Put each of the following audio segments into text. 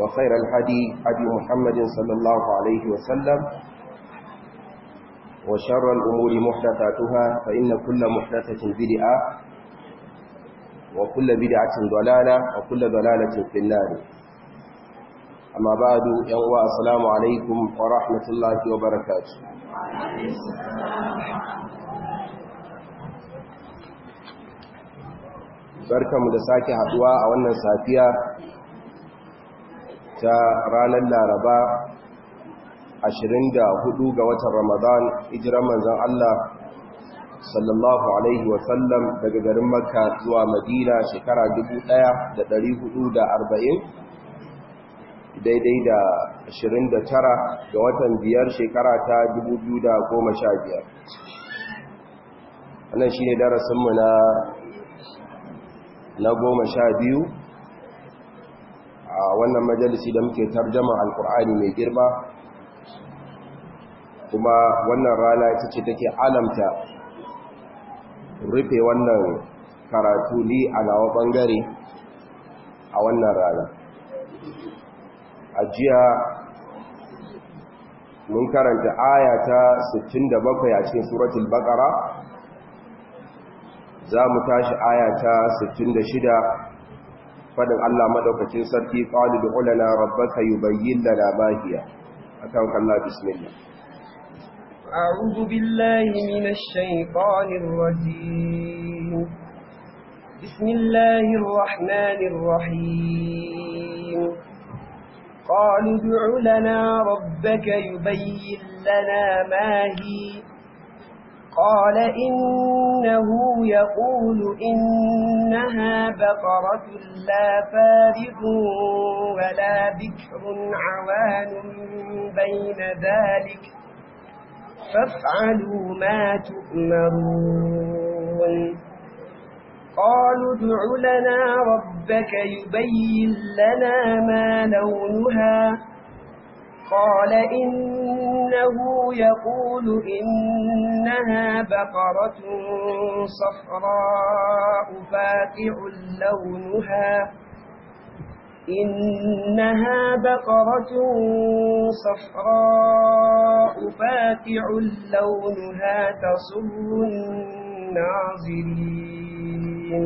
وخير الهدي هدي محمد صلى الله عليه وسلم وشر الأمور محدثاتها فإن كل محدثة بدعة وكل بدعة ضلالة وكل ضلالة في النار أما بعد يوم السلام عليكم ورحمة الله وبركاته barkanmu da sake haduwa a wannan safiya ta ranar laraba 24 ga watan ramadan ijiran manzan Allah sallallahu alaihi wasallam daga garin makka zuwa madina shekara 1440 daidai da 29 ga watan biyar shekara ta 2015 wannan shi ne darasinmu na goma sha biyu a wannan majalisi da muke tarjama alkur'ani mai girma kuma wannan rana ita ce take alamta rufe wannan karatu ni a gawa bangare a wannan rana a jiya mun karanta aya ta 67 a cikin suratul baqara za mu tashi aya ta 66 fadin Allah madaukakin sarki qalu du'lana rabbaka yubayyin lana ma hiya akan kalla bismillah a'udhu billahi minash shaitanir rajim bismillahir rahmanir rahim qalu du'lana rabbaka yubayyin lana ma hiya قال إنه يقول إنها بقرة لا فارغ ولا بكر عوان بين ذلك فافعلوا ما تؤمرون قالوا ادع لنا ربك يبين لنا ما لونها قال إنه يقول إنها بقرة صفراء فاكع لونها إنها بقرة صفراء فاكع لونها تصر الناظرين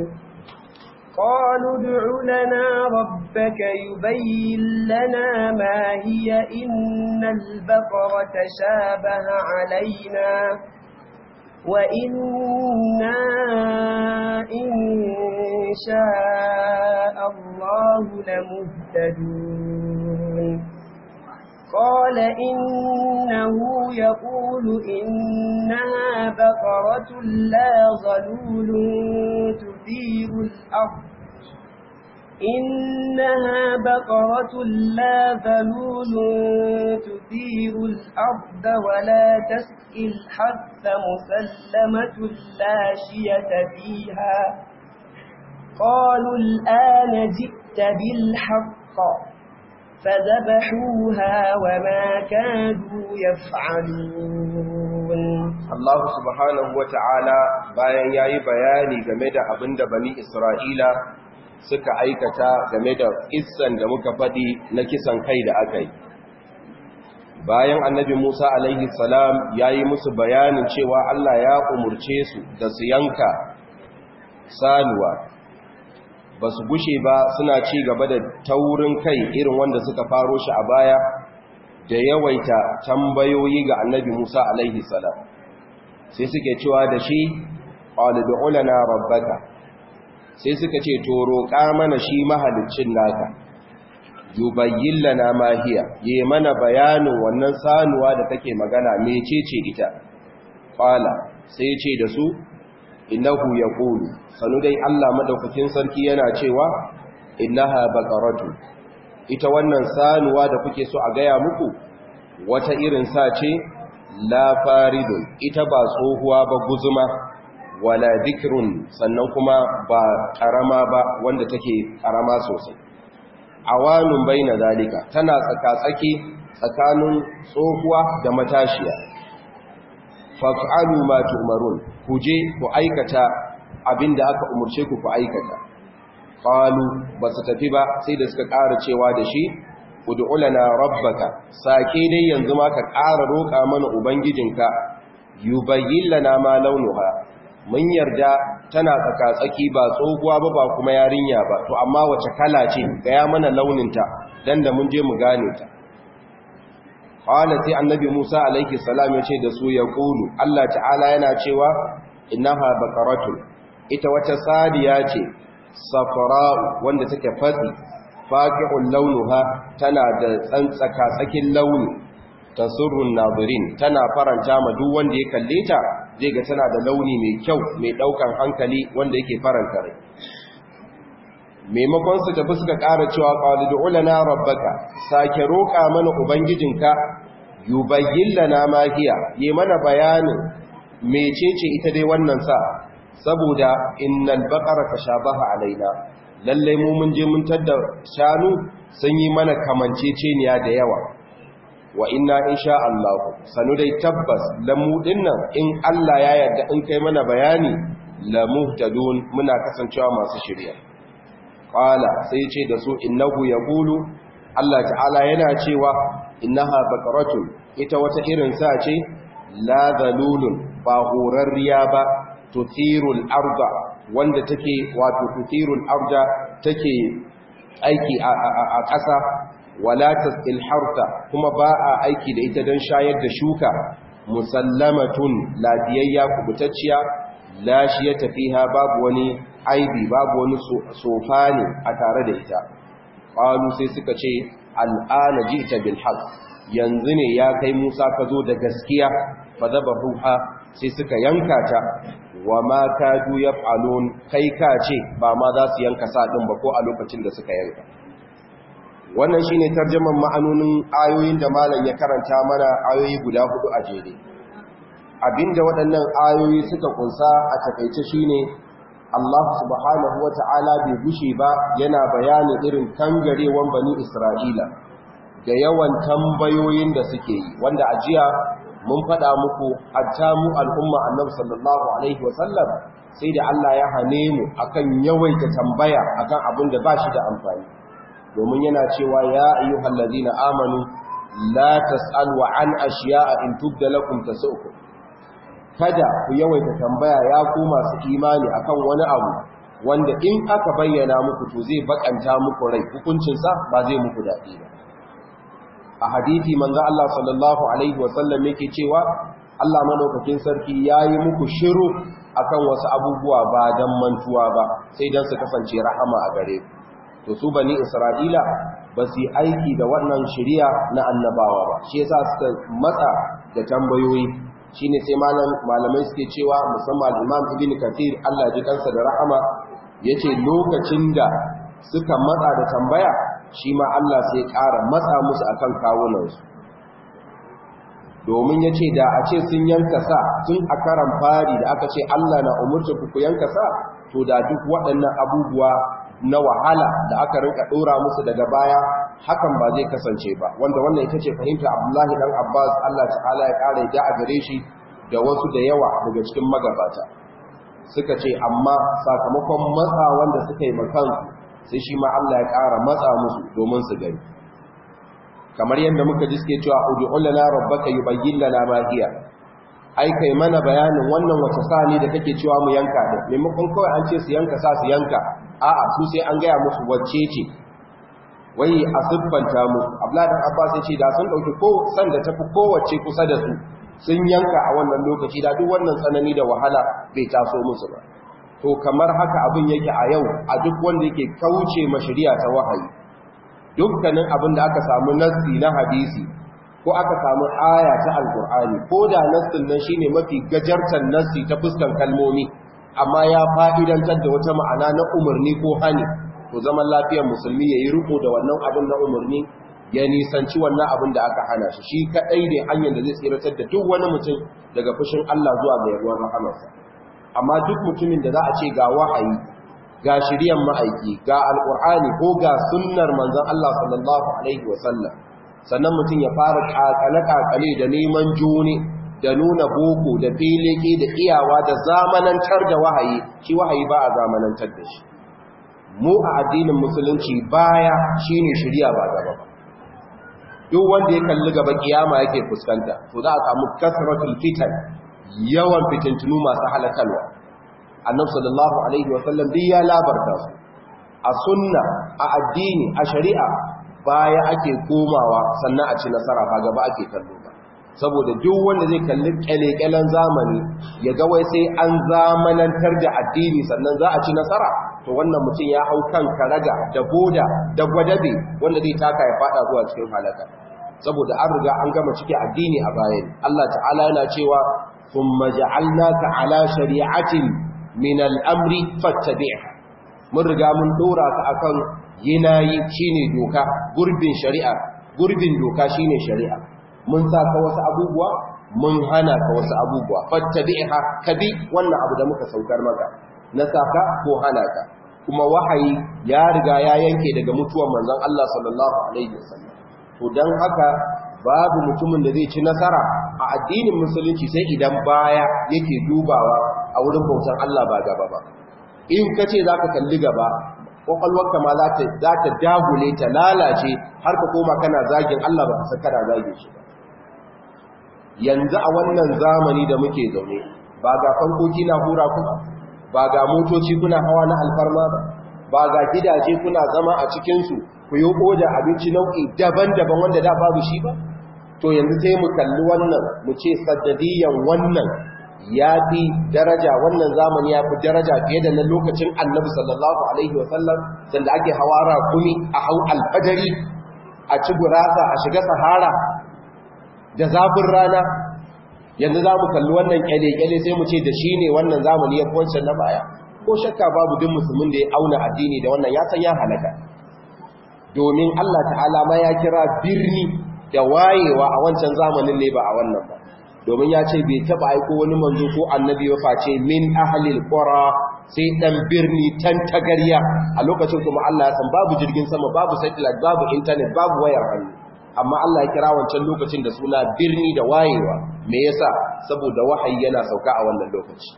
قالوا ادع لنا رب ربك يبين لنا ما هي إن البقر تشابه علينا وإنا إن شاء الله لمهتدون قال إنه يقول إنها بقرة لا ظلول تثير الأرض إنها بقرة لا ذلول تثير الأرض ولا تسقي الحرث مسلمة لا شية فيها قالوا الآن جئت بالحق فذبحوها وما كانوا يفعلون الله سبحانه وتعالى بيان yayi bayani game بني إسرائيل suka aikata game da kisan da muka faɗi na kisan kai da aka yi bayan annabi Musa alaihi salam ya yi musu bayanin cewa Allah ya umurce su da su yanka sanuwa ba su gushe ba suna ci gaba da taurin kai irin wanda suka faro shi a baya da yawaita tambayoyi ga annabi Musa alaihi salam sai suke cewa da shi na du'ulana rabbaka sai suka ce to roƙa mana shi mahaliccin naka yubayyin lana mahiya yi mana bayanin wannan sanuwa da take magana mecece ita qala sai ce da su innahu yaqulu sanu dai Allah madaukakin sarki yana cewa innaha baqaratu ita wannan sanuwa da kuke so a gaya muku wata irin sa ce la faridun ita ba tsohuwa ba guzuma wala dhikrun sannan kuma ba karama ba wanda take karama sosai awanun baina zalika tana tsakatsaki tsakanin tsohuwa da matashiya faf'alu ma tu'marun ku je ku aikata abinda aka umarce ku ku aikata qalu basu tafi ba sai da suka ƙara cewa da shi ud'u lana rabbaka sake dai yanzu ma ka ƙara roƙa mana ubangijinka yubayyin lana ma launuha mun yarda tana tsakatsaki ba tsohuwa ba ba kuma yarinya ba to amma wace kala ce gaya mana launinta dan da mun je mu gane ta qala sai annabi Musa alayhi salam yace da su ya kulu Allah ta'ala yana cewa innaha baqaratu ita wata sadiya ce safara wanda take fadi faqi'ul launuha tana da tsantsaka tsakin launi tasurrun nadirin tana faranta ma duk wanda ya kalle ta zai ga tana da launi mai kyau mai daukan hankali wanda yake faranta rai maimakon su tafi suka ƙara cewa qalidu ulana rabbaka sake roƙa mana ubangijinka yubayin lana ma hiya yi mana bayanin mecece ita dai wannan sa saboda ka sha baha, alaina Lallai mu mun je mun tadda shanu sun yi mana kamanceceniya da yawa wa inna sha Allah sanu dai tabbas lamu dinnan in Allah ya yarda in kai mana bayani lamuhtadun muna kasancewa masu shirya qala sai ce da su innahu yaqulu Allah ta'ala yana cewa innaha baqaratun ita wata irin sa ce la zalulun ba horarriya ba tuthirul arda wanda take wato tuthirul arda take aiki a ƙasa wala tasil harta kuma ba a aiki da ita don shayar da shuka musallamatun lafiyayya kubutacciya la shi ya tafiha babu wani aibi babu wani sofani a tare da ita ƙwalu sai suka ce al'ana jita bil haqq yanzu ne ya kai Musa ka zo da gaskiya zaba ruha sai suka yanka ta wa ma ka kadu ƙwalon kai ka ce ba ma za su yanka sa ɗin ba ko a lokacin da suka yanka wannan shine tarjaman ma'anonin ayoyin da malam ya karanta mana ayoyi guda hudu a jere abinda waɗannan ayoyi suka kunsa a takaice shine Allah subhanahu Ta'ala bai gushe ba yana bayani irin tangarewan bani Isra'ila da yawan tambayoyin da suke yi wanda a jiya mun faɗa muku hatta mu al'umma annabi sallallahu alaihi wasallam sai da Allah ya hane mu akan yawaita tambaya akan abin da ba shi da amfani domin yana cewa ya ayyuhal na amanu la tasalu an ashiya'a in tubda lakum tasukum kada ku yawaita tambaya ya ku masu imani akan wani abu wanda in aka bayyana muku to zai bakanta muku rai hukuncinsa ba zai muku daɗi ba a hadithi manzo Allah sallallahu alaihi wasallam yake cewa Allah madaukakin sarki yayi muku shiru akan wasu abubuwa ba dan mantuwa ba sai dan su kasance rahama a gare ku to su bani isra'ila ba su aiki da wannan shirya na annabawa ba shi yasa suka matsa da tambayoyi shine sai malamai suke cewa musamman imam ibn kathir Allah ji kansa da rahama yace lokacin da suka matsa da tambaya shi ma Allah sai ƙara matsa musu akan su. domin yace da a ce sun yanka sa tun a karan fari da aka ce Allah na umurta ku yanka sa to da duk waɗannan abubuwa na wahala da aka rinka dora musu daga baya hakan ba zai kasance ba wanda wannan ita ce fahimta Abdullahi dan Abbas Allah ta'ala ya kare da a gare shi da wasu da yawa daga cikin magabata suka ce amma sakamakon matsa wanda suka yi makan sai shi ma Allah ya kara matsa musu domin su gani kamar yadda muka ji suke cewa ud'u ulala rabbaka yubayyin lana ma hiya ai kai mana bayanin wannan wata sani da kake cewa mu yanka da maimakon kawai an ce su yanka sa su yanka a'a su sai an gaya musu wacce ce wai a siffanta mu abladan abbas ce da sun dauki ko ta tafi kowace kusa da su sun yanka a wannan lokaci da duk wannan tsanani da wahala bai taso musu ba to kamar haka abin yake a yau a duk wanda yake kauce ma shari'a ta wahayi dukkanin abin da aka samu nassi na hadisi ko aka samu aya ta alkur'ani ko da nassin nan shine mafi gajartan nassi ta fuskan kalmomi amma ya fa'idantar da wata ma'ana na umarni ko hani to zaman lafiyar musulmi ya yi riko da wannan abin na umarni ya nisanci wannan abin da aka hana shi shi kaɗai ne hanyar da zai tsiratar da duk wani mutum daga fushin Allah zuwa ga yarwar rahamarsa amma duk mutumin da za a ce ga wahayi ga shiryan ma'aiki ga al’ur'ani ko ga sunnar manzon Allah sallallahu alaihi wasallam sannan mutum ya fara kakale-kakale da neman juni da nuna boko da feleke da iyawa da zamanantar da wahayi shi wahayi ba a zamanantar da shi mu a addinin musulunci baya shine shirya ba gaba ba duk wanda ya kalli gaba kiyama yake fuskanta to za a samu kasratul fitan yawan fitintunu masu halakalwa annabi sallallahu alaihi wa sallam duk ya labarta su a sunna a addini a shari'a baya ake komawa sannan a ci nasara ba gaba ake kallo ba saboda duk wanda zai kalli kyalekyalen zamani ya ga wai sai an zamanantar da addini sannan za a ci nasara to wannan mutum ya hau kan karaga da boda da gwadabe wanda zai taka ya fada zuwa cikin halaka saboda an riga an gama ciki addini a bayan Allah ta'ala yana cewa thumma ja'alnaka ala shari'atin min al-amri fattabi'ha mun riga mun dora ka akan yinayi shine doka gurbin shari'a gurbin doka shine shari'a mun sa ka wasu abubuwa mun hana ka wasu abubuwa fattabi'ha kabi wannan abu da muka saukar maka na saka ko hana ka kuma wahayi ya riga ya yanke daga mutuwar manzon Allah sallallahu alaihi wasallam to dan haka babu mutumin da zai ci nasara a addinin musulunci sai idan baya yake dubawa a wurin bautan Allah ba gaba ba in kace zaka kalli gaba kwakwalwarka ma za ta dagule ta lalace har ka koma kana zagin Allah ba ka san kana zagin shi ba yanzu a wannan zamani da muke zaune ba ga fankoki na hura ku ba ga motoci kuna hawa na alfarma ba ba ga gidaje kuna zama a cikinsu ku yi oda abinci nau'i daban-daban wanda da babu shi ba to yanzu sai mu kalli wannan mu ce saddadiyan wannan ya fi daraja wannan zamani ya fi daraja fiye da na lokacin annabi sallallahu alaihi wasallam sanda ake hawara kuni a hau alfajari a ci gurasa a shiga sahara da zafin rana yanzu za mu kalli wannan kyale-kyale sai mu ce da shi ne wannan zamani ya kwanci na baya ko shakka babu duk musulmin da ya auna addini da wannan ya san ya halaka domin Allah ta'ala ma ya kira birni da wayewa a wancan zamanin ne ba a wannan ba domin ya ce bai taba aiko wani manzo ko annabi ba face min ahlil qura sai dan birni tan tagarya a lokacin kuma Allah ya san babu jirgin sama babu satellite babu internet babu wayar hannu amma Allah ya kira wancan lokacin da suna birni da wayewa me yasa saboda wahayi yana sauka a wannan lokaci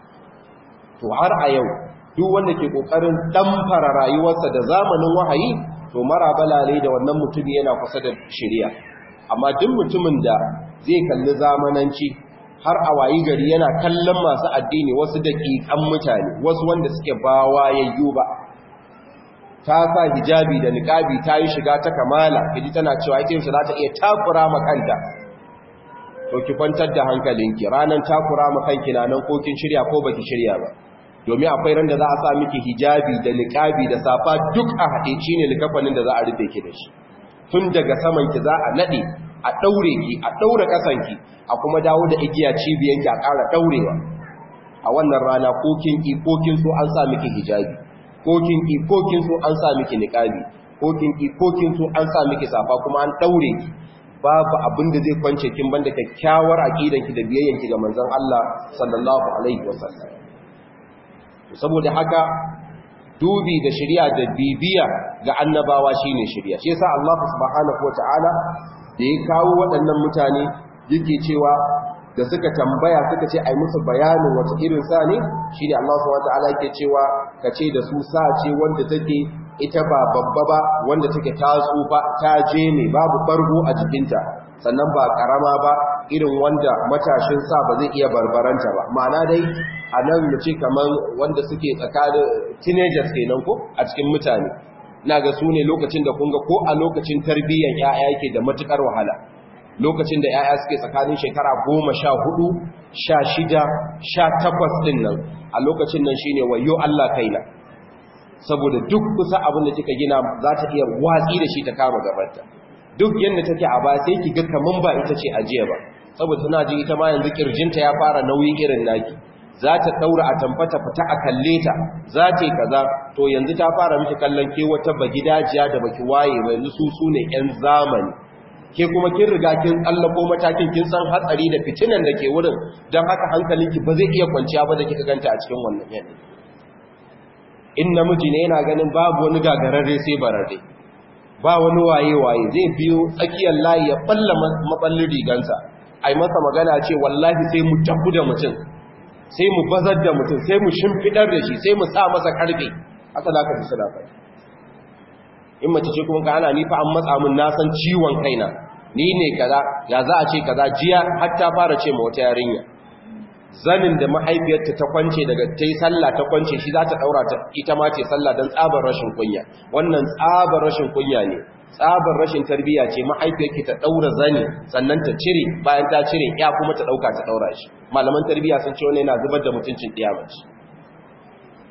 to har a yau duk wanda ke kokarin damfara rayuwarsa da zamanin wahayi to mara balale da wannan mutum yana kusa da shari'a amma duk mutumin da zai kalli zamananci har a wayi gari yana kallon masu addini wasu daƙiƙan mutane wasu wanda suke ba wayayyu ba ta sa hijabi da niqabi ta yi shiga ta kamala kiji tana cewa ake za ta iya takura makanta to ki kwantar da hankalinki ranan takura makanki kanki na nan ko kin shirya ko baki shirya ba domin akwai ran da za a sa miki hijabi da niqabi da safa duk a haɗe ne likafanin da za a rufe ki da shi tun daga saman ki za a nade a daure ki a daura kasan ki a kuma dawo da igiya cibiyanki a ƙara daurewa a wannan rana ko kin ki ko kin so an sa miki hijabi kokin ikokin su an sa miki niqabi kokin ikokin su an sa miki safa kuma an daure ki babu abin da zai kwance kin banda kyakkyawar ki da biyayyanki ga manzon Allah sallallahu alaihi wasallam saboda haka dubi da shari'a da bibiya ga annabawa shine shari'a shi yasa Allah subhanahu wataala da ya kawo waɗannan mutane yake cewa da suka tambaya suka ce ai musu bayanin wata irin sa ne shine Allah subhanahu wataala yake cewa kace da su sa ce wanda take ita ba babba ba wanda take ta tsufa ta je ne babu bargo a jikinta sannan ba karama ba irin wanda matashin sa ba zai iya barbaranta ba ma'ana dai a nan ce kamar wanda suke tsakanin teenagers kenan ko a cikin mutane na ga su ne lokacin da kun ga ko a lokacin tarbiyyar 'ya'ya yake da matukar wahala lokacin da ‘ya'ya suke tsakanin shekara goma sha hudu sha shida sha takwas ɗin nan a lokacin nan shine wayo Allah kaina saboda duk kusa abin da kika gina za ta iya watsi da shi ta kama gabanta duk yadda take a baya sai ki ga mun ba ita ce ajiya ba saboda tana ji ita ma yanzu kirjinta ya fara nauyi irin naki za ta daura a tamfata fita a kalle ta za ta yi kaza to yanzu ta fara miki kallon ke wata gidajiya da baki waye ba yanzu su ne yan zamani ke kuma kin riga kin tsallako matakin kin san hatsari da fitinan da ke wurin dan haka hankalinki ba zai iya kwanciya ba da kika ganta a cikin wannan yanayi in namiji ne yana ganin babu wani gagararre sai bararre ba wani waye-waye zai biyo tsakiyar layi ya balla matsalin rigansa Ai masa magana ce wallahi sai mu tafi da mutum sai mu bazar da mutum sai mu shimfidar da shi sai mu sa masa karfe haka za ka fi suna in mace ce kuma ka ana ni fa an matsa min na san ciwon kaina ni ne kaza ya za a ce kaza jiya har ta fara ce ma wata yarinya zanin da mahaifiyarta ta kwance daga tai sallah ta kwance shi za ta daura ta ita ma ce sallah dan tsabar rashin kunya wannan tsabar rashin kunya ne tsabar rashin tarbiyya ce mahaifiyarki ta daura zani sannan ta cire bayan ta cire ya kuma ta dauka ta daura shi malaman tarbiyya sun ce wani yana zubar da mutuncin ɗiya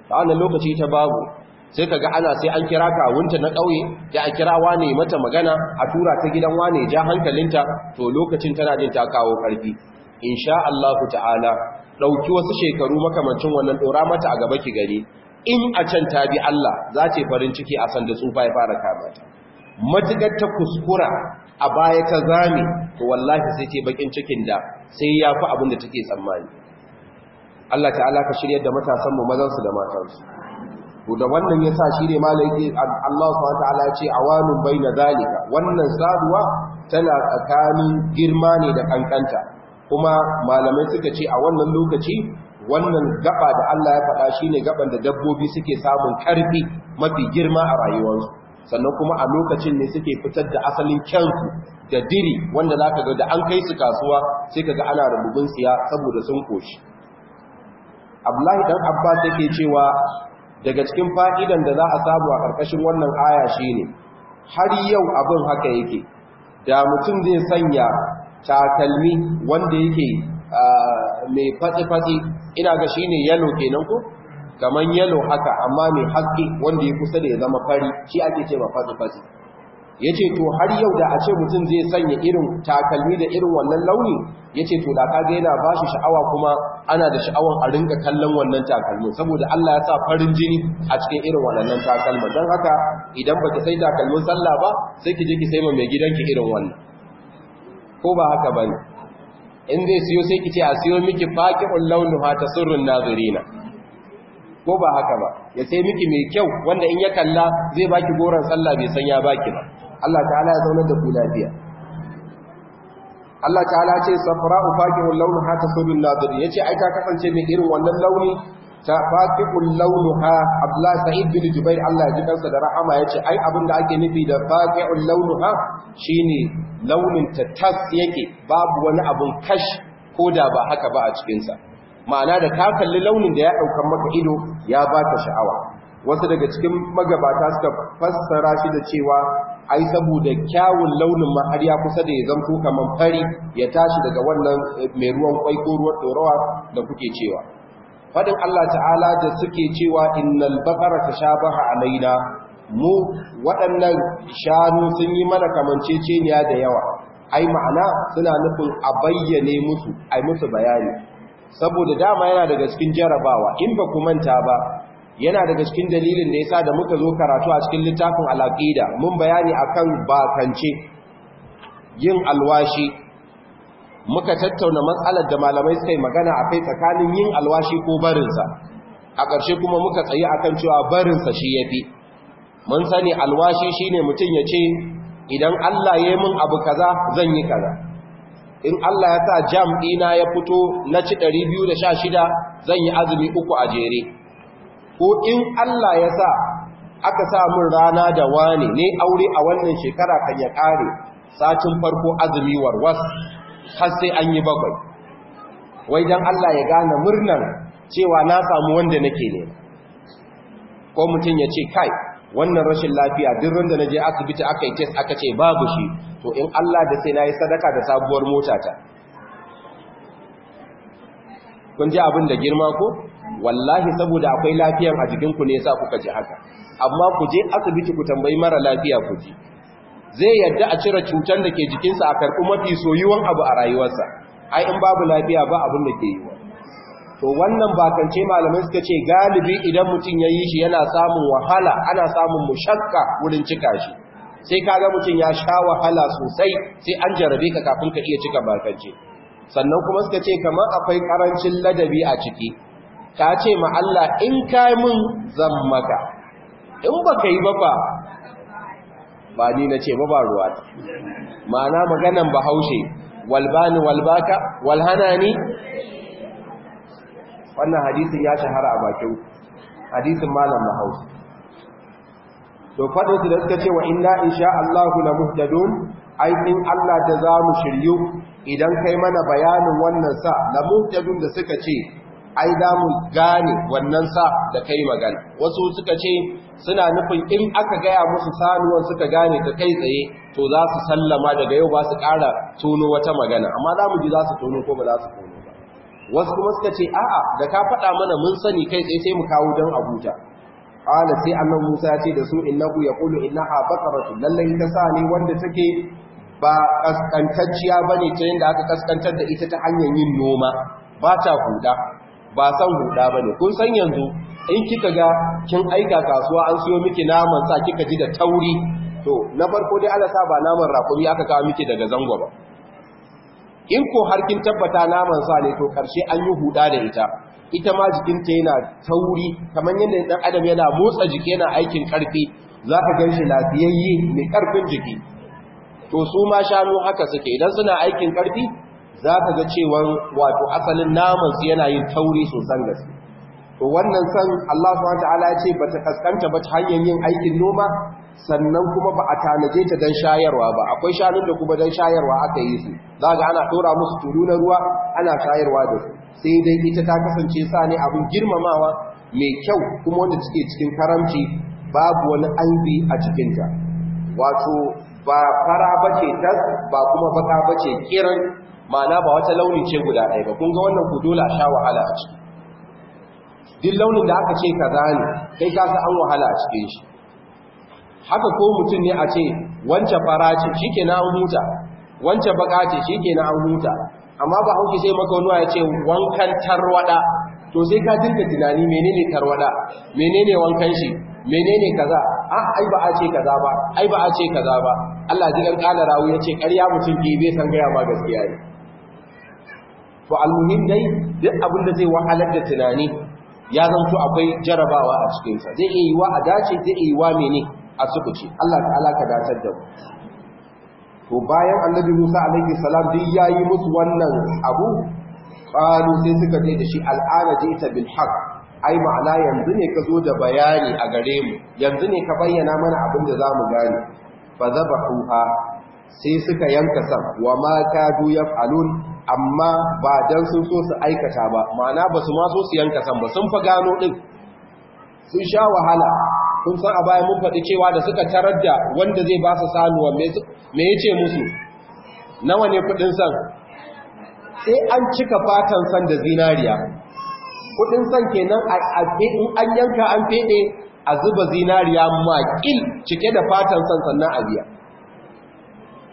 ta wannan lokaci ta babu sai ka ga ana sai an kira kawunta na ƙauye ya a kira wane mata magana a tura ta gidan wane ja hankalinta to lokacin tana jin ta kawo ƙarfi sha Allah ta'ala ɗauki wasu shekaru makamancin wannan ɗora mata a gaba ki gani in a can ta bi Allah za ce farin ciki a sanda tsufa ya fara kama ta matukar ta kuskura a baya ta zame to wallahi sai ce bakin cikin da sai ya fi abin da take tsammani Allah ta'ala ka shirya da matasanmu mazansu da matansu da wannan ya sa shi ne malaki Allah subhanahu wataala ce bai na zalika wannan saduwa tana tsakanin girma ne da kankanta kuma malamai suka ce a wannan lokaci wannan gaba da Allah ya faɗa shine gaban da dabbobi suke samun karfi mafi girma a rayuwarsu sannan kuma a lokacin ne suke fitar da asalin kyanku da diri wanda zaka ga da an kai su kasuwa sai ga ana rubugun siya saboda sun koshi Abdullahi dan Abbas yake cewa daga cikin fa'idan da za a samu a ƙarƙashin wannan aya shine har yau abin haka yake da mutum zai sanya takalmi wanda yake mai fatsi-fatsi ina ga shi ne yalo kenan ku? kaman yalo haka amma mai haske wanda ya kusa da ya zama fari shi ake ce ba fatsi-fatsi ya ce to har yau da a ce mutum zai sanya irin takalmi da irin wannan launi ya ce to da kaga yana ba shi sha'awa kuma ana da sha'awar a rinka kallon wannan takalmin saboda Allah ya sa farin jini a cikin irin wannan takalmi don haka idan baki sai takalmin sallah ba sai ki je ki sai ma mai gidanki irin wannan ko ba haka bane in zai siyo sai ki ce a siyo miki faqi'ul launuha tasurrun nazirina ko ba haka ba ya sai miki mai kyau wanda in ya kalla zai baki goron sallah bai san ya baki ba Allah ta'ala ya zauna da ku lafiya Allah ta'ala ce safra'u faqihul ta ha tasudun nadir yace ai ta kasance mai irin wannan launi ta faqihul launu ha Abdullah Sa'id bin Jubair Allah ya ji kansa da rahama ya ce, ai abin da ake nufi da faqihul Launuha ha shine launin ta tas yake babu wani abun kash ko da ba haka ba a cikinsa? ma'ana da ta kalli launin da ya daukar maka ido ya baka sha'awa wasu daga cikin magabata suka fassara shi da cewa ai saboda kyawun launin ma ya kusa da ya zanto kamar fari ya tashi daga wannan eh, mai ruwan kwai ko ruwan dorawa da kuke cewa fadin Allah ta'ala da suke cewa innal baqara tashabaha alaina mu waɗannan shanu sun yi mana kamanceceniya da yawa ai ma'ana suna nufin a bayyane musu ai musu bayani saboda dama yana daga cikin jarabawa in ba ku manta ba yana daga cikin dalilin da ya sa da muka zo karatu a cikin littafin al-aqida mun bayani akan bakance yin alwashi muka tattauna matsalar da malamai suka yi magana akai tsakanin yin alwashi ko barinsa a ƙarshe kuma muka tsayi akan cewa barinsa shi yafi mun sani alwashi shine mutum ya ce idan Allah ya yi min abu kaza zan yi kaza in Allah ya sa jam ɗina ya fito na ci 216 zan yi azumi uku a jere ko in Allah ya sa aka sa min rana da wane ne aure a wannan shekara kan ya kare satin farko azumi warwas har sai an yi bakwai wai dan Allah ya gane murnar cewa na samu wanda nake ne ko mutum ya ce kai wannan rashin lafiya duk randa naje asibiti aka yi test aka ce babu shi to in Allah da sai na yi sadaka da sabuwar mota ta kun ji abin da girma ko wallahi saboda akwai lafiyan a jikinku ne yasa kuka ji haka amma ku je asibiti ku tambayi mara lafiya ku ji zai yadda a cire cutar da ke jikinsa a karɓi mafi soyuwan abu a rayuwarsa ai in babu lafiya ba abin da ke yi wa to wannan bakance malamai suka ce galibi idan mutum ya yi shi yana samun wahala ana samun mushakka wurin cika shi sai kaga mutum ya sha wahala sosai sai an jarabe ka kafin ka iya cika bakance sannan kuma suka ce kamar akwai karancin ladabi a ciki ka ce ma Allah in kai mun zan maka in baka yi ba ba ni na ce ba ba ruwa ma'ana maganan bahaushe walbani walbaka walhanani wannan hadisin ya shahara a bakin hadisin malam bahaushe to faɗin su da suka ce wa inna insha Allahu la muhtadun ai in Allah da za mu shiryu idan kai mana bayanin wannan sa la muhtadun da suka ce ai za mu gane wannan sa da kai magana wasu suka ce suna nufin in aka gaya musu sanuwan suka gane ta kai tsaye to za su sallama daga yau ba su ƙara tono wata magana amma za mu ji za su tono ko ba za su tono ba wasu kuma suka ce a'a da ka faɗa mana mun sani kai tsaye sai mu kawo don abuja ala sai annan musa ya ce da su innahu ya ƙulu innaha bakaratu lallai ta sa ne wanda take ba kaskantacciya bane ne ta yadda aka kaskantar da ita ta hanyar yin noma ba ta huda ba san huda ba ne. kun san yanzu in kika ga kin aika kasuwa an siyo miki naman sa kika ji da tauri to na farko dai Allah sa ba naman rakumi aka kawo miki daga zango ba in ko har kin tabbata naman sa ne to karshe an yi huda da ita ita ma jikinta yana tauri kamar yadda dan adam yana motsa jiki yana aikin karfi za ka gan shi lafiyayye mai karfin jiki to su ma shanu haka suke idan suna aikin karfi za ka ga cewa wato asalin su yana yin tauri sosan gaske to wannan san Allah subhanahu ta'ala ya ce ba ta kaskanta ba ta hanyar yin aikin noma sannan kuma ba a tanaje ta dan shayarwa ba akwai shanun da kuma dan shayarwa aka yi su za ga ana dora musu turu na ruwa ana shayarwa da su sai dai ita ta kasance sa ne abin girmamawa mai kyau kuma wanda take cikin karamci babu wani aibi a cikinta wato ba fara bace tas ba kuma baka bace kiran ma'ana ba wata launi ce guda ɗaya ba kun ga wannan ku dole a sha wahala a ciki duk launin da aka ce kaza ne kai ka sa an wahala a cikin shi haka ko mutum ne a ce wancan fara ce na an huta wancan baka ce na an huta amma ba hauki sai maka wani ya ce wankan tarwada to sai ka dinka tunani menene tarwada menene wankan shi menene kaza a ah, ai ba a ce kaza ba ai ba a ce kaza ba Allah zai kala rawu yace karya mutum ke bai san gaya ma gaskiya ne to almuhim dai duk abin da zai wahalar da tunani ya zanto akwai jarabawa a cikinsa zai iya yiwa a dace zai iya yiwa mene a sukuce Allah ta'ala ka datar da mu to bayan annabi Musa alaihi salam duk yayi musu wannan abu qalu sai suka je da shi al'ana ita bil haqq ai ma'ana yanzu ne ka zo da bayani a gare mu yanzu ne ka bayyana mana abin da zamu gane fa zabahuha sai suka yanka san wa ma kadu yaf'alun amma ba dan sun so su aikata ba ma'ana ba su ma so su yanka san ba sun fa gano din sun sha wahala kun san a baya mun faɗi cewa da suka tarar da wanda zai ba su saluwa me yace musu nawa ne kudin san sai an cika fatan san da zinariya kudin san kenan a in an yanka an fede a zuba zinariya makil cike da fatan san sannan a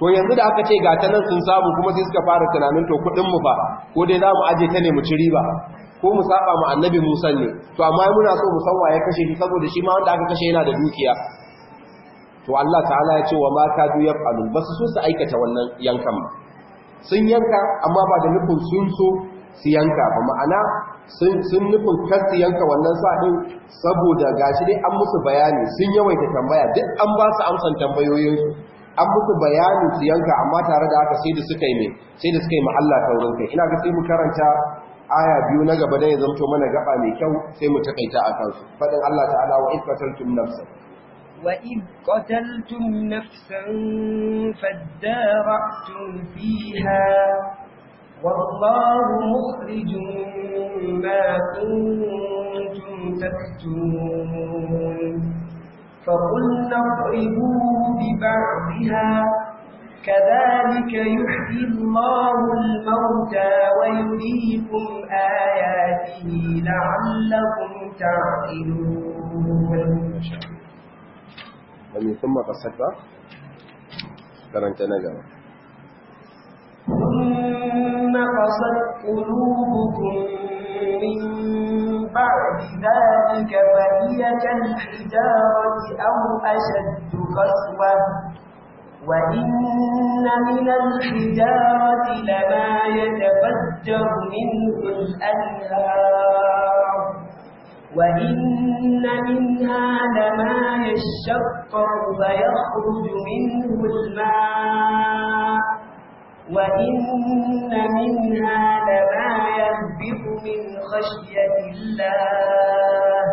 to yanzu da aka ce ga ta nan sun samu kuma sai suka fara tunanin to kuɗin mu fa ko dai za mu aje ta ne mu ci riba ko mu saba mu annabi Musa ne to amma muna so mu san waye kashe shi saboda shi ma wanda aka kashe yana da dukiya to Allah ta'ala ya ce wa ma ka du ba su so su aikata wannan yankan sun yanka amma ba da nufin sun so su yanka ba ma'ana sun nufin kar su yanka wannan sa sa'in saboda gashi dai an musu bayani sun yawaita tambaya duk an ba su amsan tambayoyinsu an musu bayanin su yanka amma tare da haka sai da suka yi mai sai da suka yi ma'alla kai ina ga sai mu karanta aya biyu na gaba da ya zamto mana gaba mai kyau sai mu takaita a kansu faɗin Allah ta'ala wa in qataltum nafsan wa in qataltum nafsan faddara'tum fiha wallahu mukhrijum ma kuntum taktumun فقلنا اضربوه ببعضها كذلك يحيي الله الموتى ويريكم آياته لعلكم تعقلون ومن ثم قصدت كرنت na ثم قصدت قلوبكم من بعد ذلك فهي كالحجارة أو أشد قسوة وإن من الحجارة لما يتفجر منه الأنهار وإن منها لما يشقر فيخرج منه الماء وإن منها لما يهبط من خشية الله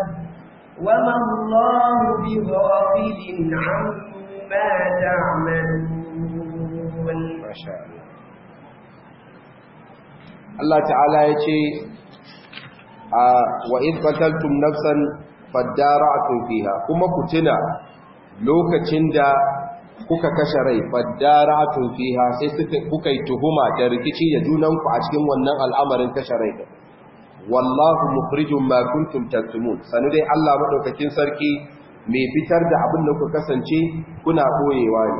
وما الله بغافل عما تعملون ما شاء الله Allah ta'ala ya ce wa in qataltum nafsan fadara'tum fiha kuma ku tuna lokacin da kuka kashe rai faddara'atun fiha sai suka kuka yi tuhuma da rikici da junanku a cikin wannan al'amarin kashe rai wallahu mukhrijum ma kuntum taktumun sanu dai Allah madaukakin sarki mai fitar da abin da kuka kasance kuna koyewa ne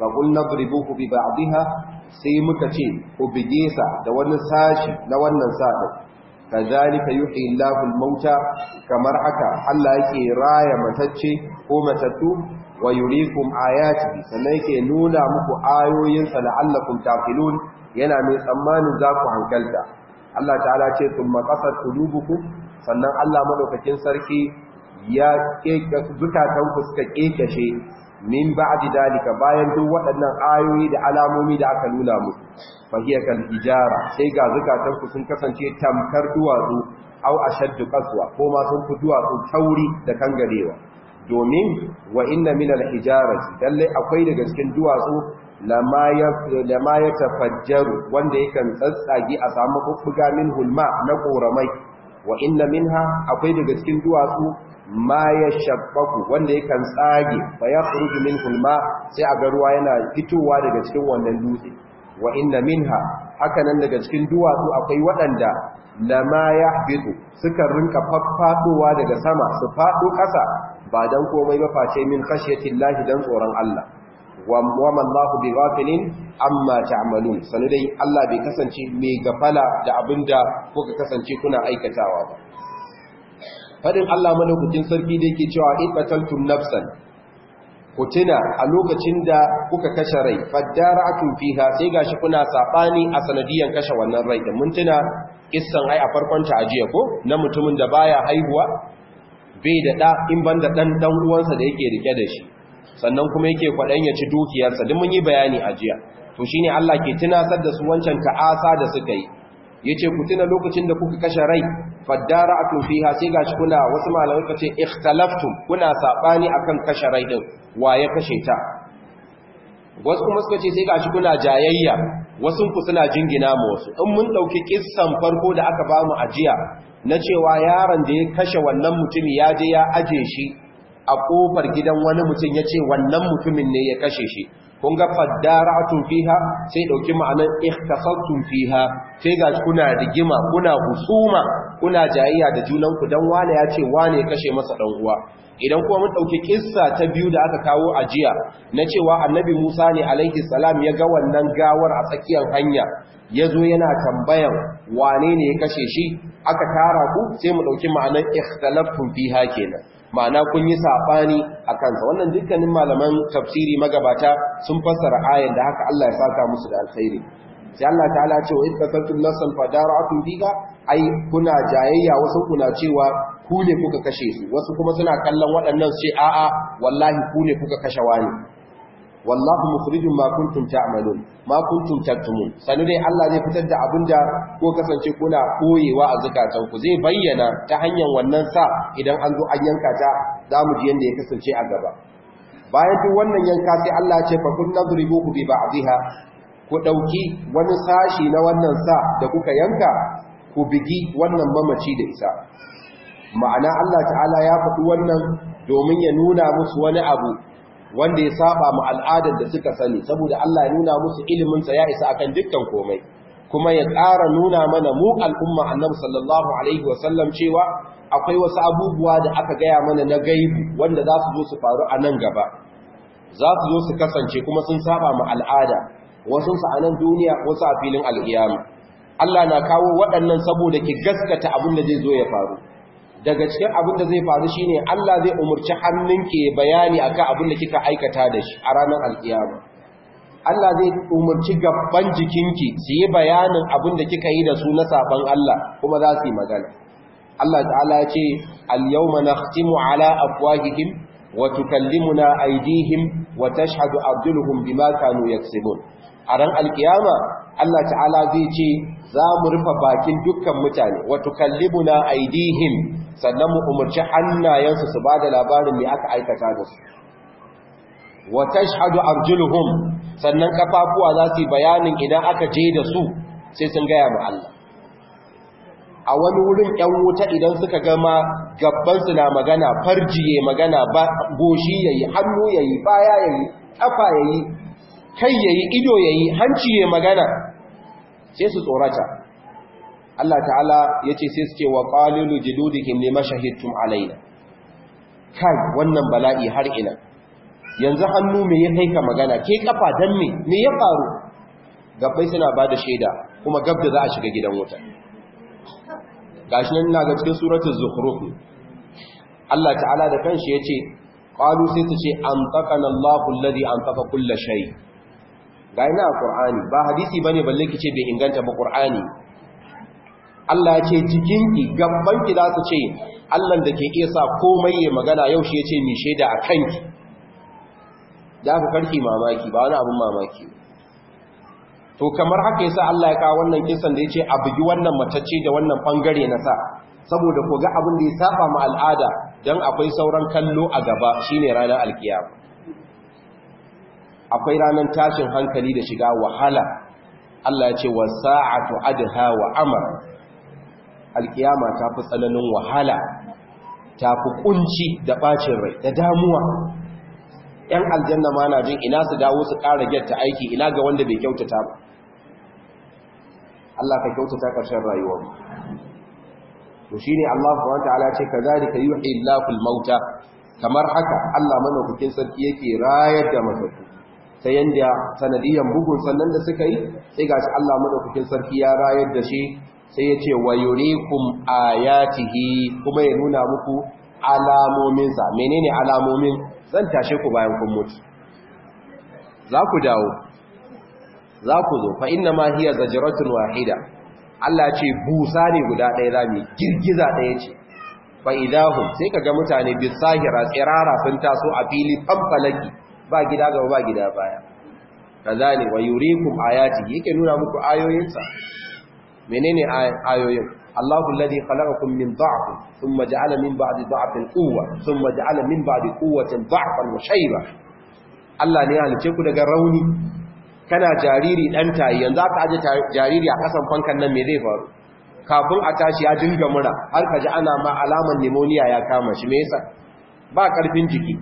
fa qul nadribuhu bi ba'dihha sai muka ce ku bige sa da wani sashi na wannan sa'a kazalika ka Allahu al-mauta kamar haka Allah yake raya matacce ko matattu wa yurikum ayatihi sannan yake nuna muku ayoyinsa la'allakum taqilun yana mai tsammanin za ku hankalta Allah ta'ala ce thumma qasat qulubukum sannan Allah madaukakin sarki ya keka zukatan ku suka kekeshe min ba'di dalika bayan duk waɗannan ayoyi da alamomi da aka nuna muku fa hiya kal hijara sai ga zukatan ku sun kasance tamkar duwatsu au ashaddu qaswa ko ma sun fi duwatsu tauri da kangarewa domin wa inna min al dalle akwai daga cikin duwatsu lama ya tafajjaru wanda yakan tsatsage a samu bubbuga min hulma na koramai wa inna minha akwai daga cikin duwatsu ma ya shabbaku wanda yakan tsage fa yakhruju min hulma sai a ga ruwa yana fitowa daga cikin wannan dutse wa inna minha hakanan daga cikin duwatsu akwai waɗanda lama ya bidu suka rinka faffadowa daga sama su faɗo ƙasa ba dan komai ba face min khashyatillah dan tsoron Allah wa ma bi ghafilin amma ta'malun sanu dai Allah bai kasance mai gafala da abinda kuka kasance kuna aikatawa ba fadin Allah madaukakin sarki da yake cewa ibataltum nafsan kutina a lokacin da kuka kashe rai faddara'atun fiha sai shi kuna sabani a sanadiyan kashe wannan rai da mun tuna kissan ai a farkon ta ajiya ko na mutumin da baya haihuwa bai da ɗa in ban da ɗan ɗan uwansa da yake rike da shi sannan kuma yake kwaɗan ya ci dukiyarsa duk mun yi bayani a jiya to shi ne Allah ke tunasar da su wancan ta'asa da suka yi Ya ce ku tuna lokacin da kuka kashe rai faddara tufi fiha sai gashi kuna wasu malamai kace ikhtalaftum kuna saɓani akan kashe rai din wa ya kashe ta wasu kuma suka ce sai gashi kuna jayayya wasu ku suna jingina mu wasu in mun dauki kissan farko da aka ba mu ajiya na cewa yaron da ya kashe wannan mutumin ya je ya aje shi a kofar gidan wani mutum ya ce wannan mutumin ne ya kashe shi kun ga faddara'atun fiha sai dauki ma'anar ikhtasatun fiha sai ga kuna rigima kuna husuma kuna jayayya da junanku, ku dan wane ya ce wane ya kashe masa ɗanguwa uwa idan kuma mun ɗauki kissa ta biyu da aka kawo a jiya na cewa annabi Musa ne alaihi salam ya ga wannan gawar a tsakiyar hanya ya zo yana tambayan wane ne ya kashe shi aka tara ku sai mu ɗauki ma'anar ikhtalafun fiha kenan ma'ana kun yi saɓani a kansa wannan dukkanin malaman tafsiri magabata sun fassara ayan da haka Allah ya saka musu da alkhairi sai Allah ta'ala ce wa idza tantum nasan fadara'atun biha ai kuna jayayya wasu kuna cewa ku ne kuka kashe su wasu kuma suna kallon waɗannan sai a'a wallahi ku ne kuka kashe wani wallahu mukhrijum ma kuntum ta'malun ma kuntum tattumun sanu dai Allah zai fitar da abinda ko kasance kuna koyewa a zakatan ku zai bayyana ta hanyar wannan sa idan an zo an yanka ta zamu ji yanda ya kasance a gaba bayan duk wannan yanka sai Allah ya ce fa kun nadribuhu bi ba'dihha ku dauki wani sashi na wannan sa da kuka yanka ku bigi wannan mamaci da isa ma'ana Allah ta'ala ya faɗi wannan domin ya nuna musu wani abu wanda ya saba mu al'adar da suka sani saboda Allah ya nuna musu ilimin sa ya isa akan dukkan komai kuma ya ƙara nuna mana mu al'umma annabi sallallahu alaihi wasallam cewa akwai wasu abubuwa da aka gaya mana na gaibu wanda za su zo su faru a nan gaba za su zo su kasance kuma sun saba ma al'ada wasu su a nan duniya wasu a filin al'iyama Allah na kawo waɗannan saboda ki gaskata abin da zai zo ya faru daga cikin abin da zai faru shine Allah zai umarci hannunki bayani akan abin da kika aikata da shi a ranar alkiyama Allah zai umarci gaban jikinki su yi bayanin abin da kika yi da su na saban Allah kuma za su yi magana Allah ta'ala ya ce al-yawma nakhtimu ala afwahihim wa tukallimuna aydihim wa tashhadu arjuluhum ma kanu yaksubun a ran alkiyama Allah ta'ala zai ce za mu rufe bakin dukkan mutane wato na aidihim sannan mu umarci hannayensu su ba da labarin mai aka aikata da su wa tashhadu arjuluhum sannan kafafuwa za su bayanin idan aka je da su sai sun gaya mu Allah a wani wurin ɗan wuta idan suka gama gabbansu na magana farjiye magana goshi yayi yi hannu ya yi baya ya yi ƙafa kai yayi ido yayi hanci ya magana sai su tsorata Allah ta'ala yace sai su ce wa qalilu jududikum lima shahidtum alaina kai wannan bala'i har ina yanzu hannu me ya kai ka magana ke kafa dan me me ya faru gabbai suna bada shaida kuma gab za a shiga gidan wuta gashi nan ina ga cikin suratul zukhruf Allah ta'ala da kanshi yace qalu sai su ce antaqana Allahu alladhi antaqa kulla shay' ga ina a Kur'ani? ba hadisi bane balle ce bai inganta ba Qur'ani Allah ce cikin ki za su ce Allah da ke iya sa komai ya magana yau shi ya ce mi shaida a kanki da ku karki mamaki ba wani abun mamaki to kamar haka yasa Allah ya kawo wannan kisan da yace a bugi wannan matacce da wannan bangare na sa saboda ko ga abin da ya saba ma al'ada dan akwai sauran kallo a gaba shine ranar alkiyama akwai ranar tashin hankali da shiga wahala Allah ya ce wa sa'atu adha wa amr alkiyama ta fi tsananin wahala ta fi kunci da bacin rai da damuwa yan aljanna ma na jin ina su dawo su ƙara gyatta aiki ina ga wanda bai kyautata ba Allah ka kyautata ƙarshen rayuwar to shine Allah subhanahu wataala ce kazalika yuhyi Allahu mauta kamar haka Allah mana madaukakin sarki yake rayar da mutane ta yadda sanadiyan bugun sannan da suka yi sai gashi Allah madaukakin sarki ya rayar da shi sai ya ce wa yurikum ayatihi kuma ya nuna muku alamominsa menene alamomin zan tashe ku bayan kun mutu za ku dawo za ku zo fa inna ma hiya zajratun wahida Allah ce busa ne guda ɗaya zami girgiza ɗaya ce fa idahu sai kaga mutane bisahira tsirara sun taso a fili famfalaki ba gida gaba ba gida baya kazali wa yurikum ayati yake nuna muku ayoyinsa menene ayoyin Allahu alladhi khalaqakum min dha'f thumma ja'ala min ba'di dha'fin quwwa thumma ja'ala min ba'di quwwatin dha'fan wa shayba Allah ne ya halice ku daga rauni kana jariri dan tayi yanzu aka aje jariri a kasan fankan nan me zai faru kafin a tashi ya dinga mura har ka ji ana ma alaman pneumonia ya kama shi me yasa ba karfin jiki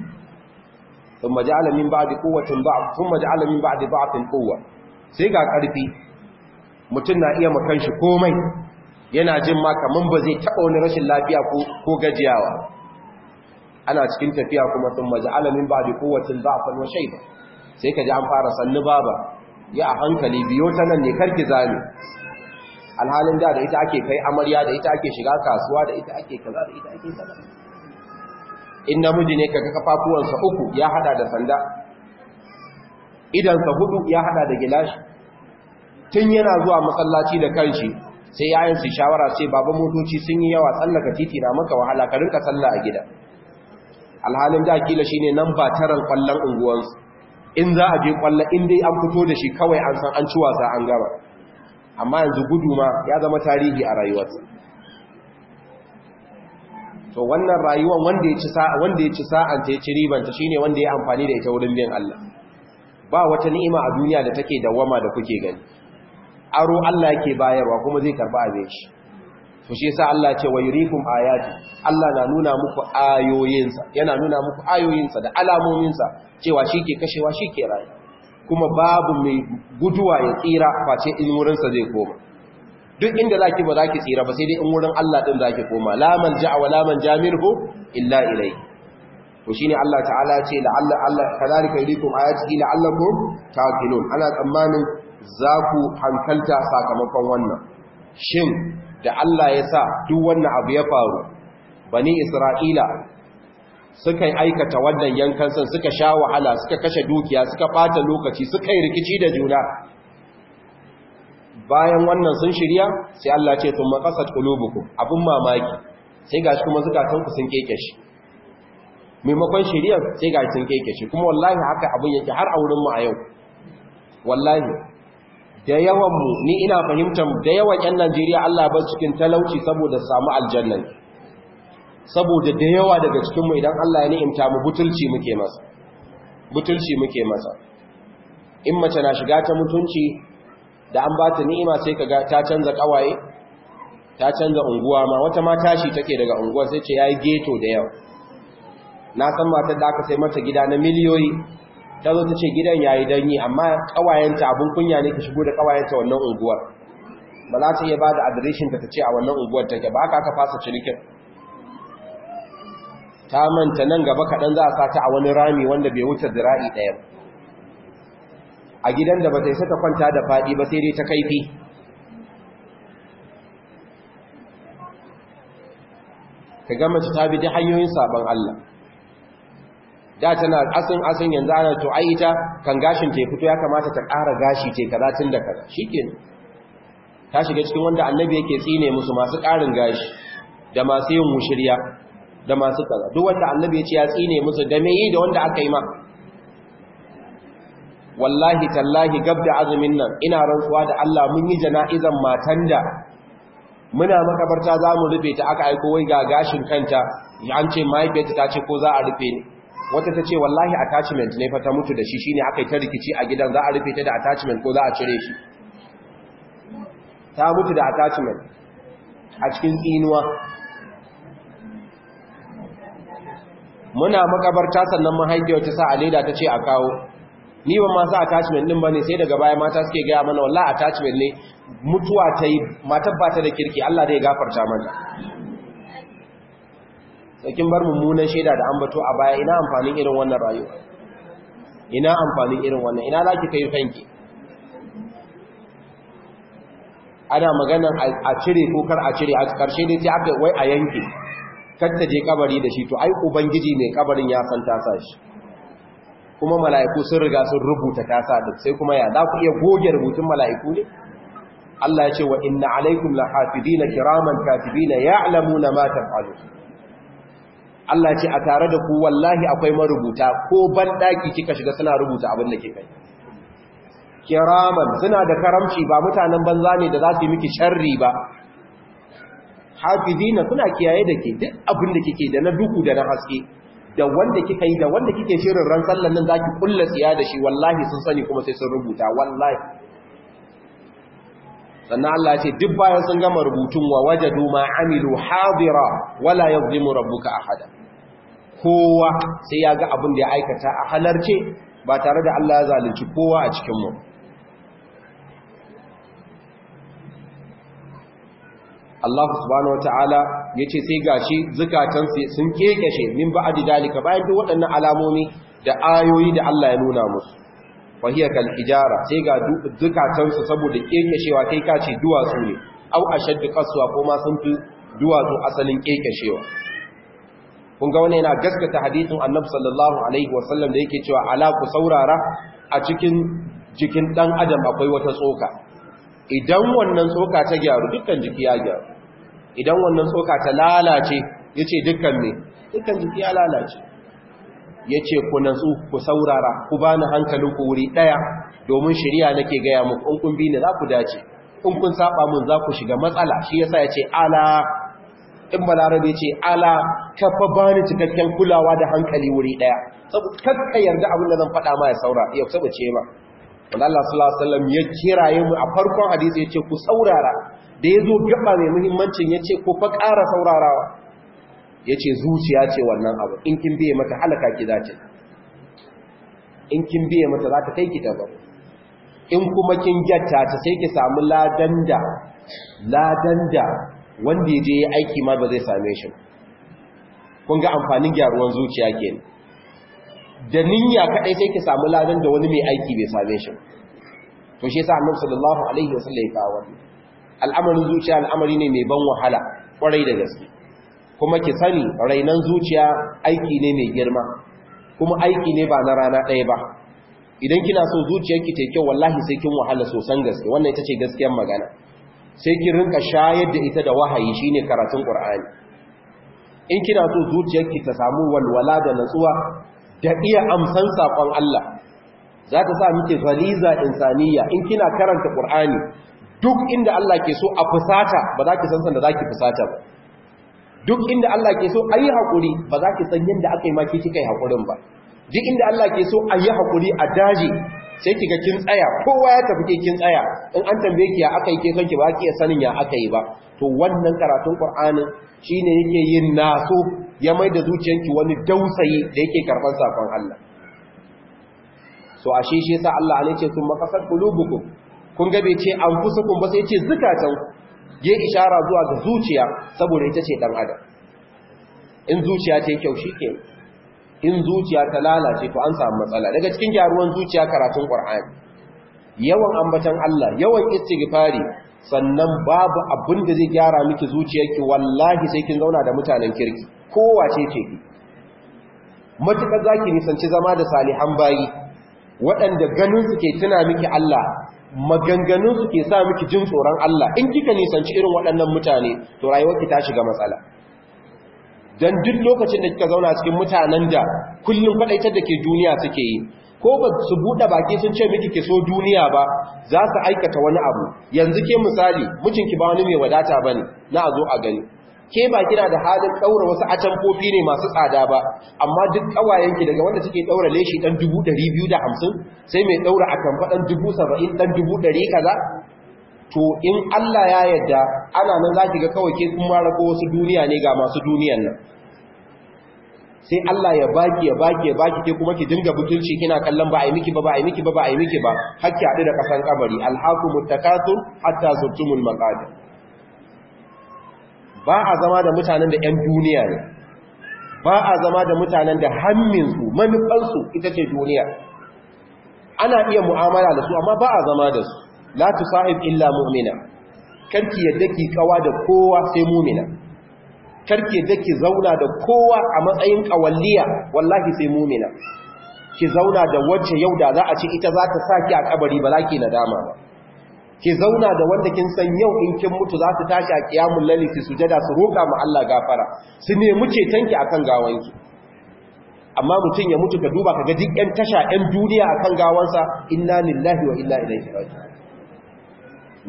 thumma ja'ala min ba'di quwwatin ba'd thumma ja'ala min ba'di ba'tin quwwa sai ga ƙarfi mutum na iya makan shi komai yana jin ma kaman ba zai taɓa wani rashin lafiya ko gajiyawa ana cikin tafiya kuma thumma ja'ala min ba'di quwwatin ba'fan wa shayba sai ka ji an fara sannu baba ya a hankali biyo ta nan ne karki zane. alhalin da da ita ake kai amarya da ita ake shiga kasuwa da ita ake kaza da ita ake kaza in namiji ne kaga kafafuwansa uku ya hada da sanda idansa hudu ya hada da gilashi tun yana zuwa masallaci da kanshi sai yayin su shawara sai baba motoci sun yi yawa tsallaka titi na maka wahala ka rinka sallah a gida alhalin da kila shine nan ba taran kwallon unguwansu in za a je kwallon in dai an fito da shi kawai an san an ci wasa an gaba amma yanzu guduma ya zama tarihi a rayuwarsa to wannan rayuwan wanda ya ci sa'a wanda ya ci sa'anta ta ci ribanta shine wanda ya amfani da ita wurin bin Allah ba wata ni'ima a duniya da take dawama da kuke gani aro Allah yake bayarwa kuma zai karba abin shi to shi yasa Allah ce wayurikum ayati Allah na nuna muku ayoyinsa yana nuna muku ayoyinsa da alamominsa cewa shi ke kashewa shi ke kuma babu mai guduwa ya tsira face in wurinsa zai koma duk inda zaki ba ki tsira ba sai dai in wurin Allah za zaki koma Laman man ja'a wa laman man jamirhu illa ilai to ne Allah ta'ala ce la'alla Allah kadhalika yurikum ayati la'allakum taqilun ana tsammanin za ku hankalta sakamakon wannan shin da Allah ya sa duk wannan abu ya faru bani Isra'ila suka aikata wannan yankan san suka sha wahala suka kashe dukiya suka bata lokaci suka yi rikici da juna bayan wannan sun shirya sai Allah ce sun makasar qulubukum abin mamaki sai gashi kuma zukatan ku sun keke shi maimakon shirya sai gashi sun keke shi kuma wallahi haka abin yake har a wurinmu a yau wallahi da yawanmu ni ina fahimtar da yawan yan Najeriya Allah ba cikin talauci saboda samu aljannan, saboda da yawa daga cikinmu idan Allah ya ni'imta mu butulci muke masa butulci muke masa in mace na shiga ta mutunci da an ba ta ni'ima sai ka ta canza kawaye ta canza unguwa ma wata ma tashi take daga unguwa sai ce yayi ghetto da yau na san matar da aka sai mata gida na miliyoyi ta zo ta ce gidan yayi danyi amma kawayenta abun kunya ne ka shigo da kawayenta wannan unguwar ba za ta iya ba da adireshin ta ce a wannan unguwar take ba haka aka fasa cinikin ta manta nan gaba kaɗan za a sa ta a wani rami wanda bai wuce zira'i ɗaya a gidan da ba ta isa ta kwanta da faɗi ba sai dai ta kaifi ka gama ta tabi hanyoyin sabon Allah da tana asin asin yanzu ana to ai ita kan gashin ta fito ya kamata ta ƙara gashi ce kaza tun da kaza shikenan ta shiga cikin wanda annabi yake tsine musu masu ƙarin gashi da masu yin mushirya da masu kaza duk wanda annabi ya ce ya tsine musu da me yi da wanda aka yi ma wallahi tallahi gab da azumin nan ina rantsuwa da Allah mun yi jana'izan matan da muna makabarta za mu rufe ta aka aiko wai ga gashin kanta an ce mahaifiyarta ta ce ko za a rufe ni wata ta ce wallahi attachment ne fa ta mutu da shi shine aka yi ta rikici a gidan za a rufe ta da attachment ko za a cire shi ta mutu da attachment a cikin tsinuwa muna makabarta sannan mahaifiyarta sa a leda ta ce a kawo ni ba masu attachment din bane sai daga baya mata suke gaya mana wallahi attachment ne mutuwa ta yi matar ba ta da kirki Allah zai gafarta mana sakin bar mummunan shaida da ambato a baya ina amfanin irin wannan rayuwa ina amfanin irin wannan ina zaki kai kanki ana magana a cire ko kar a cire a karshe ne sai aka wai a yanke kar ta je kabari da shi to ai ubangiji ne kabarin ya san ta sa shi kuma mala'iku sun riga sun rubuta tasa din sai kuma ya za ku iya goge rubutun mala'iku ne Allah ya ce wa inna alaikum na kiraman katibina na matan alu. Allah ce a tare da ku wallahi akwai marubuta ko ban ɗaki kika shiga suna rubuta abin da ke kai. kiraman suna da karamci ba mutanen banza ne da za su yi miki sharri ba hafidina suna kiyaye da ke duk abin da kike da na duku da na haske da wanda kika yi da wanda kike shirin ran sallan nan zaki kulla siya da shi wallahi sun sani kuma sai sun rubuta wallahi sannan Allah ce duk bayan sun gama rubutun wa wajadu ma amilu hadira wala yuzlimu rabbuka ahada kowa sai ya ga abin da ya aikata a halarce ba tare da Allah ya zalunci kowa a cikin mu Allah subhanahu wataala ce sai ga shi zukatan sun kekeshe min ba'di dalika bayan duk waɗannan alamomi da ayoyi da Allah ya nuna musu Fahiyar hiya sai ga zukatan su saboda kekeshewa kai ka ce duwatsu ne au ashaddu kasuwa ko ma sun fi duwatsu asalin kekeshewa kun ga wani yana gaskata hadithin Annabi sallallahu alaihi wasallam da yake cewa ala saurara a cikin jikin dan adam akwai wata tsoka idan wannan tsoka ta gyaru dukkan jiki ya gyaru idan wannan tsoka ta lalace ya ce dukkan ne dukkan jiki ya lalace ya ce ku natsu ku saurara ku ba ni wuri ɗaya domin shirya nake gaya muku in kun bi ni za ku dace in kun saba mun za ku shiga matsala shi yasa ya ce ala in balarabe ce ala ka fa ba ni cikakken kulawa da hankali wuri ɗaya saboda kakka yarda abin da zan faɗa ma ya saura ya saba ce ma Allah sallallahu alaihi wasallam ya kiraye mu a farkon hadisi ya ce ku saurara da ya zo gaba mai muhimmancin ya ce ko fa ƙara saurarawa ya ce zuciya ce wannan abu in kin biye mata halaka ki za ce in kin biye mata za ta kai ki daban in kuma kin gyatta ta sai ki samu ladanda ladanda wanda ya je ya aiki ma ba zai same shi kun ga amfanin gyaruwan zuciya ke da ninya kaɗai sai ki samu ladan da wani mai aiki bai same shi to shi yasa annabi sallallahu alaihi wasallam ya kawo wannan al'amarin zuciya al'amari ne mai ban wahala kwarai da gaske kuma ki sani rainan zuciya aiki ne mai girma kuma aiki ne ba na rana ɗaya ba idan kina so zuciyarki ta kyau wallahi sai kin wahala sosan gaske wannan ita ce gaskiyar magana sai kin rinka shayar da ita da wahayi shine karatun qur'ani in kina so zuciyarki ta samu walwala da natsuwa da iya amsan sakon Allah za ta sa miki faliza insaniya in kina karanta qur'ani duk inda Allah ke so a fusata ba za ki san san da za ki fusata ba duk inda Allah ke so a yi haƙuri ba za ki san yadda aka yi maki kika yi haƙurin ba duk inda Allah ke so a yi haƙuri a daji sai kika kin tsaya kowa ya tafi ke kin tsaya in an tambaye ki ya aka yi ke ki, ba ki iya sanin ya aka yi ba to wannan karatun Qur'anin shine yake yin naso ya mai da zuciyanki wani dausayi da yake karban sakon Allah so ashe shi yasa Allah ne ce sun makasar qulubukum kun ga bai ce an kusa kun ba sai ce zukatan ya ishara zuwa ga zuciya saboda ita ce dan adam in zuciya ta kyau ke, in zuciya ta lalace to an samu matsala daga cikin gyaruwan zuciya karatun qur'ani yawan ambatan Allah yawan istighfari sannan babu abin da zai gyara miki zuciyarki wallahi sai kin zauna da mutanen kirki kowa ce ce ki matukar zaki nisanci zama da salihan bayi waɗanda ganin suke tuna miki Allah maganganunsu ke sa miki jin tsoron Allah in kika nisanci irin waɗannan mutane to rayuwarki ta shiga matsala dan duk lokacin da kika zauna cikin mutanen da kullum faɗaitar da ke duniya suke yi ko ba su buɗe baki sun ce miki ke so duniya ba za su aikata wani abu yanzu ke misali mijinki ba wani mai wadata bane na a zo a gani ke ba kina da halin ɗaura wasu atamfofi ne masu tsada ba amma duk kawayenki daga wanda suke ɗaura leshi dan 250 sai mai daura atamfa dan 70 dan 100 kaza to in Allah ya yarda ana nan zaki ga kawai ke kuma rako wasu duniya ne ga masu duniyan nan sai Allah ya baki ya baki ya baki ke kuma ki dinga butulci kina kallon ba a miki ba ba a miki ba ba a miki ba hakki haɗu da kasan kabari alhaqu muttakatum hatta zurtumul maqabir ba a zama da mutanen da 'yan duniya ne ba a zama da mutanen da su manufansu ita ce duniya ana iya mu'amala da su amma ba a zama da su la sahib illa mu'mina karki yadda ki kawa da kowa sai mu'mina karki yadda ki zauna da kowa a matsayin kawalliya wallahi sai mu'mina ki zauna da wacce yau da za a ce ita za ta ki a kabari ba za ki nadama ba ki zauna da wanda kin san yau in kin mutu za su tashi a kiyamun layli su sujada su roƙa ma Allah gafara su nemi cetonki akan gawanki amma mutum ya mutu ka duba ka ga duk ƴan tasha ƴan duniya akan gawansa inna lillahi wa inna ilaihi raji'un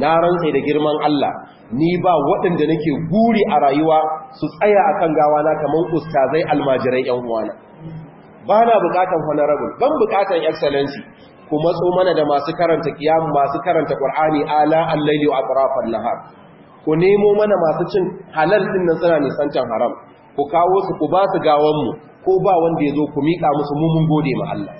na rantsa da girman Allah ni ba waɗanda nake guri a rayuwa su tsaya akan gawana kamar ustazai almajirai ƴan uwana ba na buƙatan honorable ban bukatan excellency ku matso mana da masu karanta kiyamu masu karanta qur'ani ala al wa atrafan nahar ku nemo mana masu cin halal din nan suna nisantan haram ku kawo su ku ba su gawan mu ko ba wanda yazo ku mika musu mu gode ma Allah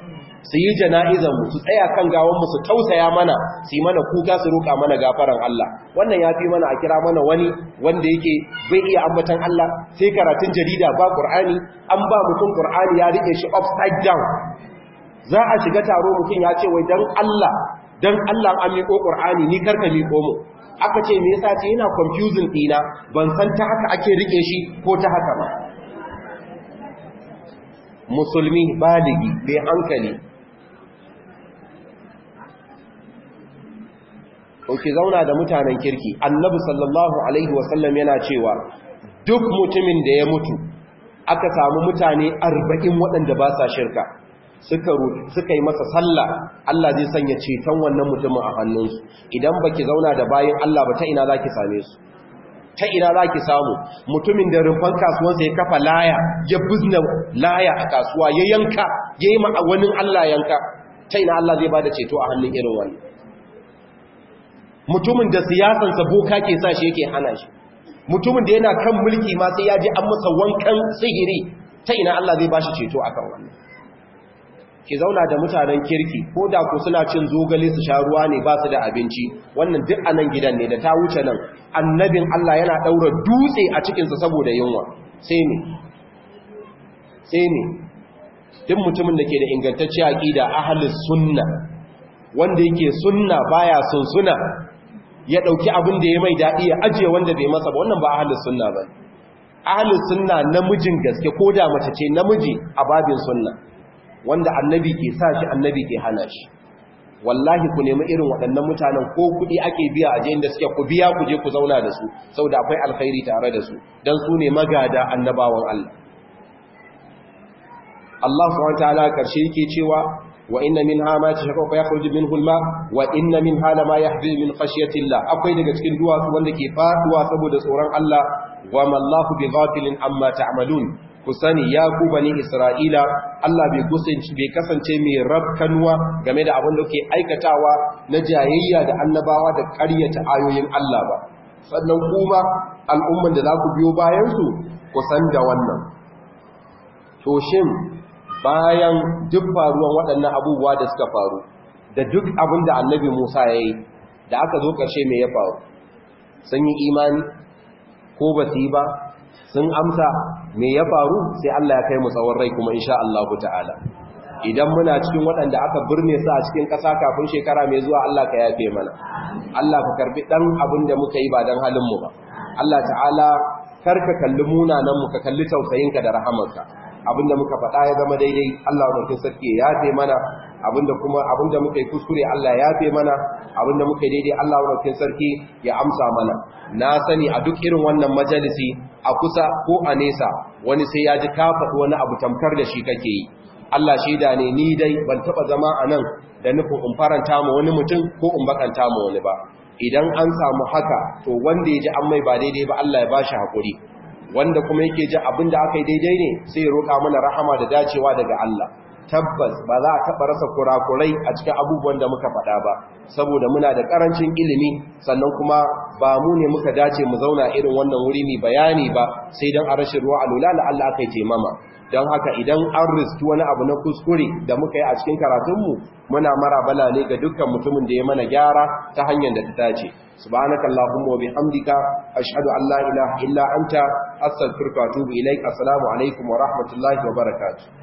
su yi jana'izan mu su tsaya kan gawan mu su tausaya mana su yi mana kuka su roka mana gafaran Allah wannan ya fi mana a kira mana wani wanda yake bai iya ambatan Allah sai karatun jarida ba Qur'ani an ba mutum Qur'ani ya rike shi upside down za a shiga taro mutum ya ce wai don Allah don Allah an miƙo Qur'ani ni karka miƙo mu aka ce me yasa ce yana confusing dina ban san ta haka ake rike shi ko ta haka ba musulmi baligi bai hankali ki zauna da mutanen kirki annabi sallallahu alaihi wasallam yana cewa duk mutumin da ya mutu aka samu mutane arba'in waɗanda ba sa shirka suka yi masa sallah Allah zai sanya ceton wannan mutumin a hannunsu idan ba ki zauna da bayan Allah ba ta ina za ki same su ta ina za ki samu mutumin da rumfan kasuwansa ya kafa laya ya buzna laya a kasuwa ya yanka ya yi ma'awanin Allah yanka ta ina Allah zai ba da ceto a hannun irin wani mutumin da siyasansa boka ke sa shi yake hana shi mutumin da yana kan mulki ma sai ya ji an masa wankan sihiri ta ina Allah zai ba shi ceto a kan wannan ki zauna da mutanen kirki ko da ku suna cin zogale su sha ruwa ne ba su da abinci wannan duk a nan gidan ne da ta wuce nan annabin Allah yana daura dutse a cikinsa saboda yunwa sai ne sai ne duk mutumin da ke da ingantacciya aqida ahlus sunna wanda yake sunna baya son sunna ya dauki abin da ya mai dadi ya ajiye wanda bai masa ba wannan ba ahlus sunna ba ahlus sunna namijin gaske ko da mace ce namiji a babin sunna wanda annabi ke sa shi annabi ke hana shi wallahi ku nemi irin waɗannan mutanen ko kuɗi ake biya a jayin da suke ku biya ku je ku zauna da su saboda akwai alkhairi tare da su don su ne magada annabawan Allah Allah subhanahu ala karshe yake cewa wa inna minha ma tashaqqa fa yakhruju minhu al-ma wa inna minha lama yahdi min khashyati akwai daga cikin duwatsu wanda ke faɗuwa saboda tsoron Allah wa ma Allahu bighafilin amma ta'malun ku sani ya ku bani isra'ila Allah bai gusance bai kasance mai rabkanuwa game da abin da yake aikatawa na jayayya da annabawa da ƙaryata ayoyin Allah ba sannan kuma al'umman da za ku biyo bayan su ku san da wannan to shin bayan duk faruwan waɗannan abubuwa da suka faru da duk abin da annabi Musa ya yi da aka zo ƙarshe mai ya faru sun yi imani ko ba su yi ba sun amsa me ya faru sai Allah ya kai mu tsawon rai kuma insha Allah ta'ala idan muna cikin waɗanda aka birne su a cikin ƙasa kafin shekara mai zuwa Allah ka yafe mana Allah ka karbi ɗan abin da muka yi ba don halinmu ba Allah ta'ala kar ka kalli munanan mu ka kalli tausayinka da rahamarka abin da muka faɗa ya zama daidai Allah wadda sarki ya yafe mana abinda kuma abinda muka yi kuskure Allah ya fi mana abinda muka yi daidai Allah wadatin sarki ya amsa mana na sani a duk irin wannan majalisi a kusa ko a nesa wani sai ya ji kafa wani abu tamkar da shi kake yi Allah shaida ne ni dai ban taba zama a nan da nufin in faranta ma wani mutum ko in bakanta ma wani ba idan an samu haka to wanda ya ji an mai ba daidai ba Allah ya ba shi haƙuri wanda kuma yake ji abin da aka yi daidai ne sai ya roƙa mana rahama da dacewa daga Allah tabbas ba za a taɓa rasa kurakurai a cikin abubuwan da muka faɗa ba saboda muna da ƙarancin ilimi sannan kuma ba mu ne muka dace mu zauna irin wannan wuri mai bayani ba sai don a rashin ruwa alula Allah aka yi taimama don haka idan an riski wani abu na kuskure da muka yi a cikin karatunmu muna mara bala ne ga dukkan mutumin da ya mana gyara ta hanyar da ta dace subhanaka allahumma wa bihamdika ashhadu an la ilaha illa anta astaghfiruka wa atubu ilaik assalamu alaikum wa rahmatullahi wa barakatuh